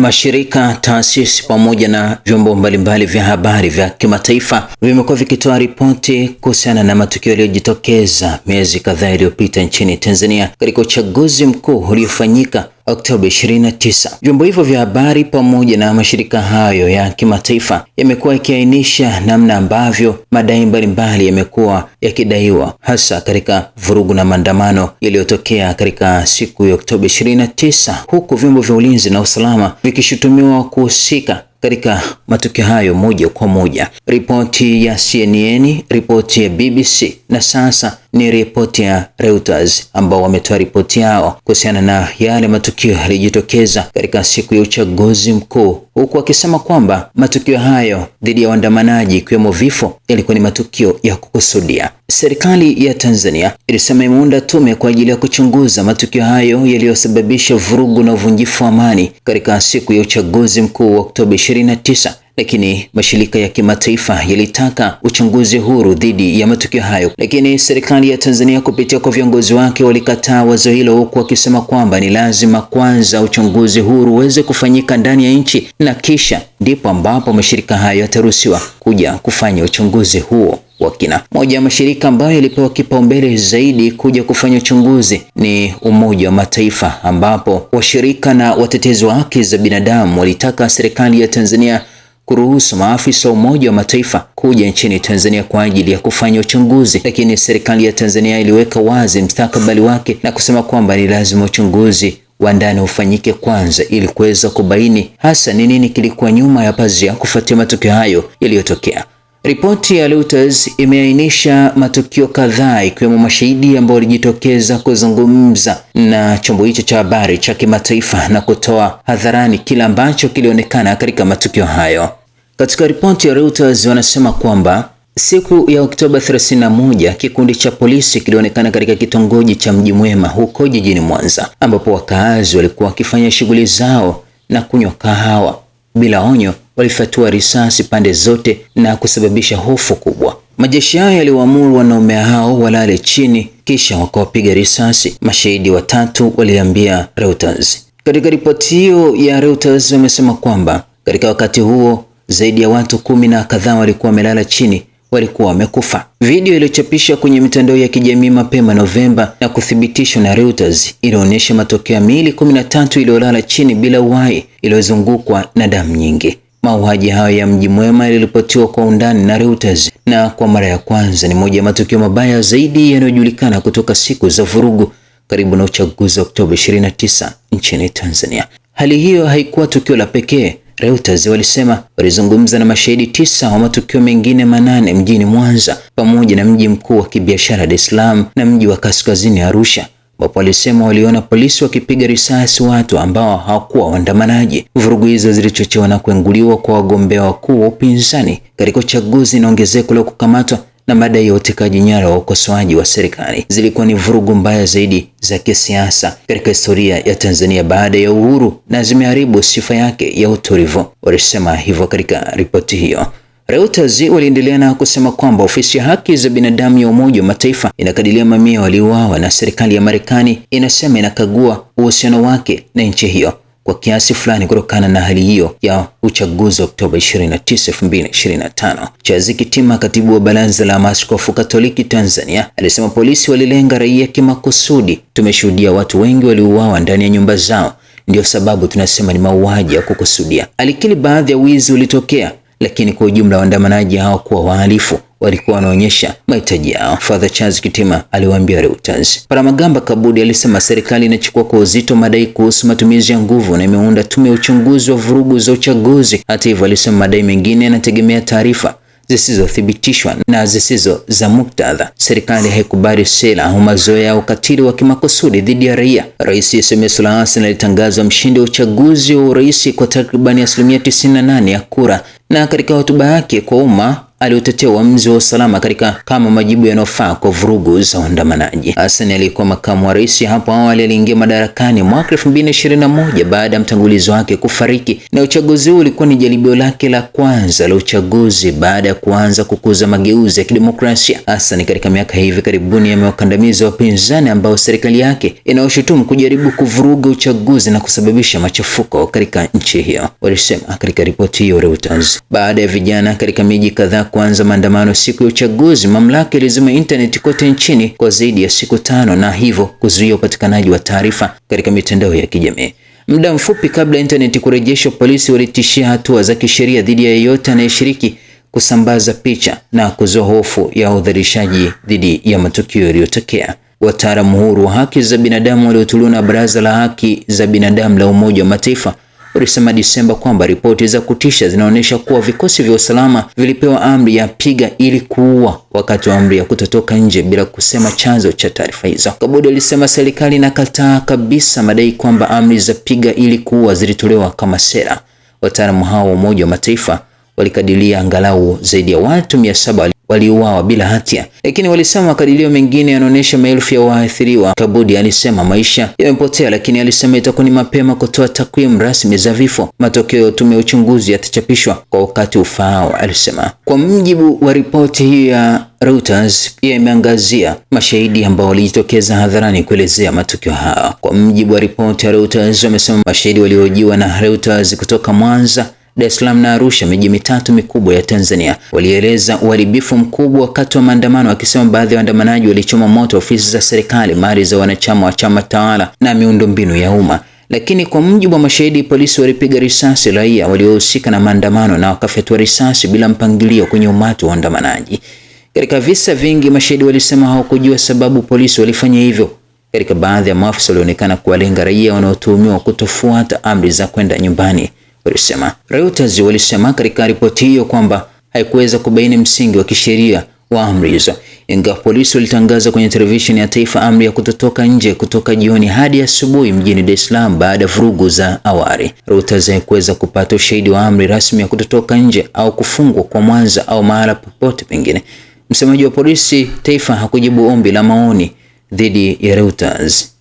Mashirika, taasisi pamoja na vyombo mbalimbali vya habari vya kimataifa vimekuwa vikitoa ripoti kuhusiana na matukio yaliyojitokeza miezi kadhaa iliyopita nchini Tanzania katika uchaguzi mkuu uliofanyika Oktoba 29. Vyombo hivyo vya habari pamoja na mashirika hayo ya kimataifa yamekuwa yakiainisha namna ambavyo madai mbalimbali yamekuwa yakidaiwa hasa katika vurugu na maandamano yaliyotokea katika siku ya Oktoba 29, huku vyombo vya ulinzi na usalama vikishutumiwa kuhusika katika matukio hayo moja kwa moja. Ripoti ya CNN, ripoti ya BBC na sasa ni ripoti ya Reuters ambao wametoa ripoti yao kuhusiana na yale matukio yaliyojitokeza katika siku ya uchaguzi mkuu, huku wakisema kwamba matukio hayo dhidi ya waandamanaji ikiwemo vifo yalikuwa ni matukio ya kukusudia. Serikali ya Tanzania ilisema imeunda tume kwa ajili ya kuchunguza matukio hayo yaliyosababisha vurugu na uvunjifu wa amani katika siku ya uchaguzi mkuu wa Oktoba 29, lakini mashirika ya kimataifa yalitaka uchunguzi huru dhidi ya matukio hayo, lakini serikali ya Tanzania kupitia kwa viongozi wake walikataa wazo hilo, huku wakisema kwamba ni lazima kwanza uchunguzi huru uweze kufanyika ndani ya nchi na kisha ndipo ambapo mashirika hayo yataruhusiwa kuja kufanya uchunguzi huo wa kina. Moja ya mashirika ambayo yalipewa kipaumbele zaidi kuja kufanya uchunguzi ni Umoja wa Mataifa, ambapo washirika na watetezi wa haki za binadamu walitaka serikali ya Tanzania kuruhusu maafisa wa Umoja wa Mataifa kuja nchini Tanzania kwa ajili ya kufanya uchunguzi, lakini serikali ya Tanzania iliweka wazi mstakabali wake na kusema kwamba ni lazima uchunguzi wa ndani ufanyike kwanza ili kuweza kubaini hasa ni nini kilikuwa nyuma ya pazia kufuatia matukio hayo yaliyotokea. Ripoti ya Reuters imeainisha matukio kadhaa ikiwemo mashahidi ambao walijitokeza kuzungumza na chombo hicho cha habari cha kimataifa na kutoa hadharani kile ambacho kilionekana katika matukio hayo. Katika ripoti ya Reuters wanasema kwamba siku ya Oktoba 31 kikundi cha polisi kilionekana katika kitongoji cha Mji Mwema huko jijini Mwanza, ambapo wakaazi walikuwa wakifanya shughuli zao na kunywa kahawa bila onyo walifyatua risasi pande zote na kusababisha hofu kubwa. Majeshi hayo yaliwaamuru wanaume hao walale chini, kisha wakawapiga risasi. Mashahidi watatu waliambia Reuters. Katika ripoti hiyo ya Reuters wamesema kwamba katika wakati huo zaidi ya watu kumi na kadhaa walikuwa wamelala chini walikuwa wamekufa. Video iliyochapishwa kwenye mitandao ya kijamii mapema Novemba na kuthibitishwa na Reuters ilionyesha matokeo ya miili 13 iliyolala chini bila uhai iliyozungukwa na damu nyingi. Mauaji hayo ya Mji Mwema yaliripotiwa kwa undani na Reuters na kwa mara ya kwanza ni moja ya matukio mabaya zaidi yanayojulikana kutoka siku za vurugu karibu na uchaguzi wa Oktoba 29 nchini Tanzania. Hali hiyo haikuwa tukio la pekee. Reuters walisema walizungumza na mashahidi tisa wa matukio mengine manane mjini Mwanza pamoja na mji mkuu wa kibiashara Dar es Salaam na mji wa kaskazini Arusha ambapo walisema waliona polisi wakipiga risasi watu ambao hawakuwa waandamanaji. Vurugu hizo zilichochewa na kuenguliwa kwa wagombea wakuu wa upinzani katika uchaguzi na ongezeko la kukamatwa na madai ya utekaji nyara wa ukosoaji wa serikali. Zilikuwa ni vurugu mbaya zaidi za kisiasa katika historia ya Tanzania baada ya uhuru na zimeharibu sifa yake ya utulivu, walisema hivyo katika ripoti hiyo. Reuters waliendelea na kusema kwamba ofisi ya haki za binadamu ya Umoja wa Mataifa inakadiria mamia waliouawa na serikali ya Marekani inasema inakagua uhusiano wake na nchi hiyo kwa kiasi fulani kutokana na hali hiyo ya uchaguzi wa Oktoba 29, 2025. Chazi Kitima, katibu wa Baraza la Maaskofu Katoliki Tanzania, alisema polisi walilenga raia kimakusudi. Tumeshuhudia watu wengi waliouawa ndani ya nyumba zao, ndio sababu tunasema ni mauaji ya kukusudia. Alikiri baadhi ya wizi ulitokea lakini kwa ujumla waandamanaji kuwa wahalifu, walikuwa wanaonyesha mahitaji yao. Father Charles Kitima aliwaambia Reuters. Paramagamba Kabudi alisema serikali inachukua kwa uzito madai kuhusu matumizi ya nguvu na imeunda tume ya uchunguzi wa vurugu za uchaguzi. Hata hivyo, alisema madai mengine yanategemea taarifa zisizothibitishwa na zisizo za muktadha. Serikali haikubali sera au mazoea ya ukatili wa kimakusudi dhidi ya raia. Rais Samia Suluhu Hassan alitangazwa mshindi wa uchaguzi wa urais kwa takribani asilimia 98 ya kura, na katika hotuba yake kwa umma aliotetea uamuzi wa usalama katika kama majibu yanayofaa kwa vurugu za waandamanaji. Hassan aliyekuwa makamu wa rais hapo awali aliingia madarakani mwaka 2021 baada ya mtangulizi wake kufariki, na uchaguzi huu ulikuwa ni jaribio lake la kwanza la uchaguzi baada ya kuanza kukuza mageuzi ya kidemokrasia. Hassan katika miaka hivi karibuni amewakandamiza wapinzani ambao serikali yake inaoshutumu kujaribu kuvuruga uchaguzi na kusababisha machafuko katika nchi hiyo, walisema katika ripoti hiyo Reuters. Baada ya vijana katika miji kadhaa kuanza maandamano siku ya uchaguzi, mamlaka ilizima intaneti kote nchini kwa zaidi ya siku tano na hivyo kuzuia upatikanaji wa taarifa katika mitandao ya kijamii. Muda mfupi kabla intaneti kurejeshwa, polisi walitishia hatua za kisheria dhidi ya yeyote anayeshiriki kusambaza picha na kuzua hofu ya udhalilishaji dhidi ya matukio yaliyotokea. Wataalamu huru wa haki za binadamu waliotuliwa na Baraza la Haki za Binadamu la Umoja wa Mataifa ulisema Disemba kwamba ripoti za kutisha zinaonyesha kuwa vikosi vya usalama vilipewa amri ya piga ili kuua wakati wa amri ya kutotoka nje bila kusema chanzo cha taarifa hizo. Kabudi alisema serikali inakataa kabisa madai kwamba amri za piga ili kuua zilitolewa kama sera. Wataalamu hao wa Umoja wa Mataifa walikadiria angalau zaidi ya watu mia saba waliuawa bila hatia, lakini walisema makadirio mengine yanaonyesha maelfu ya waathiriwa. Kabudi alisema maisha yamepotea, lakini alisema itakuwa ni mapema kutoa takwimu rasmi za vifo. Matokeo ya tume ya uchunguzi yatachapishwa kwa wakati ufaao, alisema. Kwa mjibu wa ripoti hiyo ya Reuters pia imeangazia mashahidi ambao walijitokeza hadharani kuelezea matukio hayo. Kwa mjibu wa ripoti ya Reuters, wamesema mashahidi waliohojiwa na Reuters kutoka Mwanza Dar es Salaam na Arusha, miji mitatu mikubwa ya Tanzania, walieleza uharibifu mkubwa wakati wa maandamano, wakisema baadhi ya waandamanaji walichoma moto ofisi za serikali, mali za wanachama wa chama tawala na miundombinu ya umma. Lakini kwa mujibu wa mashahidi, polisi walipiga risasi raia waliohusika na maandamano na wakafyatua risasi bila mpangilio kwenye umati wa waandamanaji. Katika visa vingi, mashahidi walisema hawakujua sababu polisi walifanya hivyo. Katika baadhi ya maafisa walionekana kuwalenga raia wanaotuhumiwa kutofuata amri za kwenda nyumbani walisema. Reuters walisema katika ripoti hiyo kwamba haikuweza kubaini msingi wa kisheria wa amri hizo, ingawa polisi walitangaza kwenye televisheni ya taifa amri ya kutotoka nje kutoka jioni hadi asubuhi mjini Dar es Salaam baada ya vurugu za awali. Reuters haikuweza kupata ushahidi wa amri rasmi ya kutotoka nje au kufungwa kwa Mwanza au mahala popote pengine. Msemaji wa polisi taifa hakujibu ombi la maoni dhidi ya Reuters.